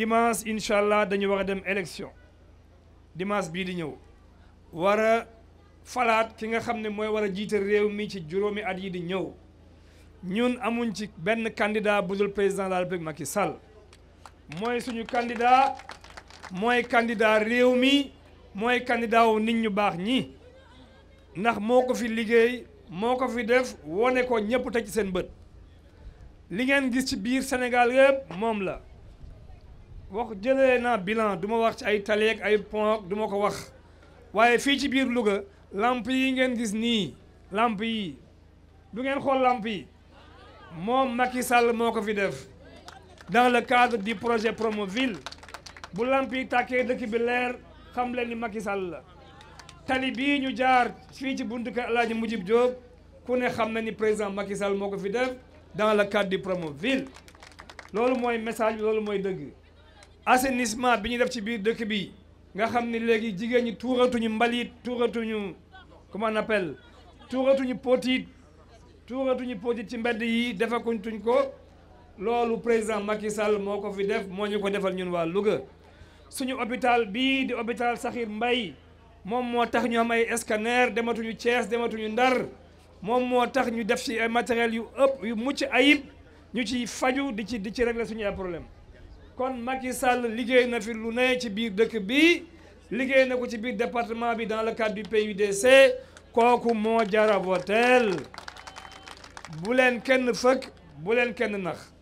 dimanche incha allah dañu wax dem élection dimanche bii di ñëw war falaat ki nga xam ne mooy war a jiite réew mi ci juróomi at yi di ñëw ñun amuñ ci benn candidat bu dul président de la république Macky Sall mooy suñu candidat mooy candidat réew mi mooy candidat wu nit ñu baax ñi ndax moo ko fi liggéey moo ko fi def wone ko ñëpp te ci seen bët li ngeen gis ci biir Sénégal yëpp moom la wax jëlee naa bilan du ma wax ci ay taleeg ay pont du ma ko wax waaye fii ci biir Louga lampe yi ngeen gis nii lampe yi du ngeen xool lampe yi moom Macky Sall moo ko fi def dans le cadre du projet promo ville bu lampe yi tàkkee dëkk bi leer xam leen ni Macky Sall la tali bii ñu jaar fii ci bunt kër El Mujib Diop ku ne xam na ni président Macky Sall moo ko fi def dans le cadre du promo ville loolu mooy message bi loolu mooy dëgg. assainissement bi ñu def ci biir dëkk bi nga xam ni léegi jigéen ñi tuuratuñu mbalit tuuratuñu comment on appelle tuuratuñu potit tuuratuñu potit ci mbedd yi tuñ ko loolu président Macky Sall moo ko fi def moo ñu ko defal ñun waa Louga suñu hôpital bii di hôpital Sakhir Mbaye moom moo tax ñu am ay scanner dematuñu Thiès dematuñu Ndar moom moo tax ñu def ci matériel yu ëpp yu mucc ayib ñu ci faju di ci di ci régler suñu problème kon Macky Sall liggéey na fi lu ne ci biir dëkk bi liggéey na ko ci biir département bi dans le cadre du PUDC koku mo jara voteel bu leen kenn feuk bu leen kenn nax